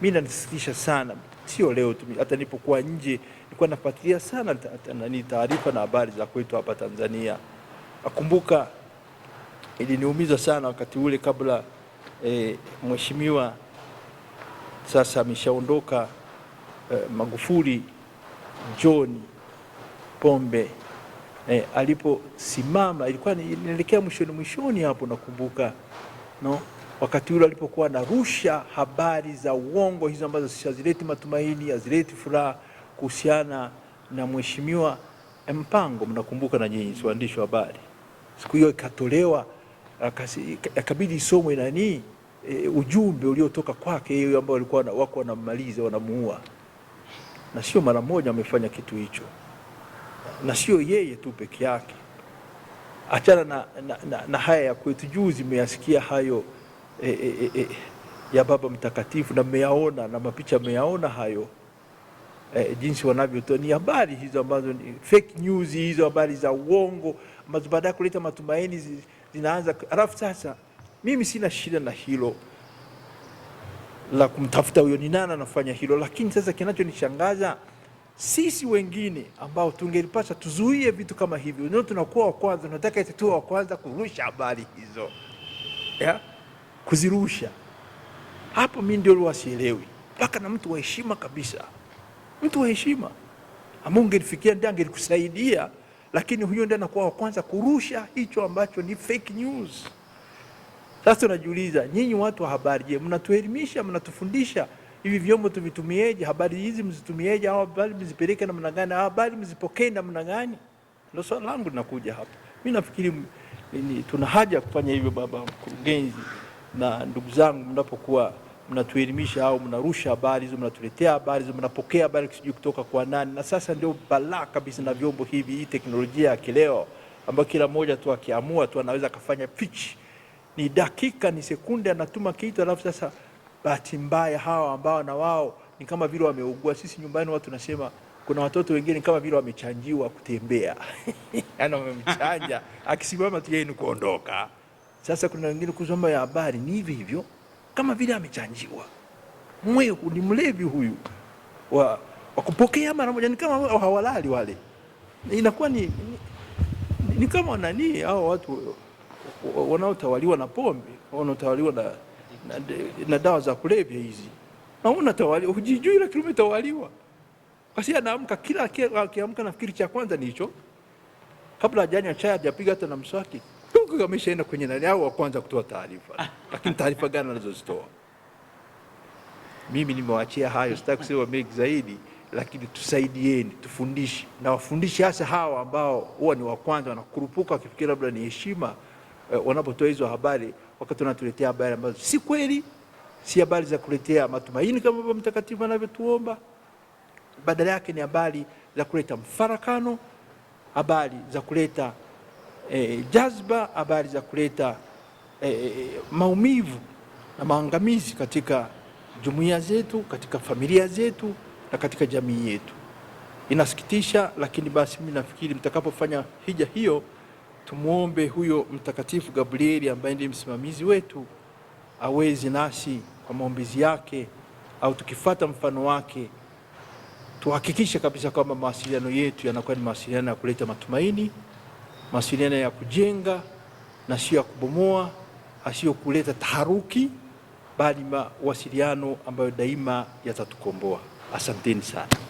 mimi nanisikitisha sana, sio leo tu, hata nilipokuwa nje nilikuwa nafuatilia sana ni taarifa na habari za kwetu hapa Tanzania. Nakumbuka iliniumiza sana wakati ule kabla e, mheshimiwa sasa ameshaondoka e, Magufuli John Pombe e, aliposimama ilikuwa inaelekea mwishoni mwishoni hapo, nakumbuka no wakati ule alipokuwa anarusha habari za uongo hizo ambazo hazileti matumaini, hazileti furaha kuhusiana na mheshimiwa Mpango. Mnakumbuka na nyinyi, waandishi wa habari, siku hiyo ikatolewa, akabidi isomwe nani e, ujumbe uliotoka kwake yeye ambao walikuwa wako wanamaliza wanamuua, na sio mara moja amefanya kitu hicho, na sio yeye tu peke yake. Achana na, na, na, na haya ya kwetu, juzi mmeyasikia hayo e, e, e, ya Baba Mtakatifu, na mmeyaona na mapicha mmeyaona hayo e, jinsi wanavyotoa ni habari hizo ambazo ni fake news, hizo habari za uongo ambazo baadaye kuleta matumaini zi, zinaanza. Alafu sasa mimi sina shida na hilo la kumtafuta huyo ni nani anafanya hilo, lakini sasa kinachonishangaza sisi wengine ambao tungelipasa tuzuie vitu kama hivyo, ndio tunakuwa wa kwanza, tunataka tu wa kwanza kurusha habari hizo yeah? kuzirusha. Hapo Mimi ndio wasielewi sielewi, mpaka na mtu wa heshima kabisa, mtu wa heshima ama ungenifikia ndio angenikusaidia, lakini huyo ndio anakuwa wa kwanza kurusha hicho ambacho ni fake news. Sasa unajiuliza, nyinyi watu wa habari, je, mnatuelimisha mnatufundisha hivi vyombo tuvitumieje? Habari hizi mzitumieje? Au habari mzipeleke namna gani? Au habari mzipokee namna gani? Ndio swali langu linakuja hapa. Mimi nafikiri tuna haja ya kufanya hivyo, baba mkurugenzi na ndugu zangu, mnapokuwa mnatuelimisha au mnarusha habari hizo, mnatuletea habari hizo, mnapokea habari sijui kutoka kwa nani. Na sasa ndio balaa kabisa na vyombo hivi, hii teknolojia ya kileo ambayo kila mmoja tu akiamua tu anaweza akafanya pitch, ni dakika ni sekunde, anatuma kitu alafu sasa, bahati mbaya hawa ambao na wao ni kama vile wameugua. Sisi nyumbani watu nasema kuna watoto wengine kama vile wamechanjiwa kutembea, yani wamemchanja, akisimama tu yeye ni kuondoka. Sasa kuna wengine kusoma ya habari ni hivyo hivyo, kama vile amechanjiwa mwe, ni mlevi huyu wa, wa kupokea mara moja, ni kama hawalali wale, inakuwa ni, ni, ni kama nani hao watu wanaotawaliwa na pombe, wanaotawaliwa na, na, na dawa za kulevya hizi, na naunatawaliwa hujijui, lakini umetawaliwa basi. Anaamka kila akiamka, nafikiri cha kwanza ni hicho, kabla hajanywa chai, hajapiga hata na mswaki. Mungu ameshaenda kwenye nani yao wa kwanza kutoa taarifa, lakini taarifa gani anazozitoa? Mimi nimewaachia hayo, sitaki kusema mengi zaidi, lakini tusaidieni, tufundishe na wafundishi, hasa hawa ambao huwa ni wa kwanza wanakurupuka, wakifikiri labda ni heshima eh, wanapotoa hizo habari, wakati wanatuletea habari ambazo si kweli, si habari za kuletea matumaini kama Baba Mtakatifu anavyotuomba. Badala yake ni habari za kuleta mfarakano, habari za kuleta e, jazba, habari za kuleta e, maumivu na maangamizi katika jumuiya zetu, katika familia zetu na katika jamii yetu. Inasikitisha, lakini basi mimi nafikiri mtakapofanya hija hiyo, tumwombe huyo mtakatifu Gabrieli ambaye ndiye msimamizi wetu aweze nasi kwa maombezi yake au tukifata mfano wake tuhakikishe kabisa kwamba mawasiliano yetu yanakuwa ni mawasiliano ya kuleta matumaini mawasiliano ya kujenga na sio ya kubomoa, asiyokuleta taharuki, bali mawasiliano ambayo daima yatatukomboa. Asanteni sana.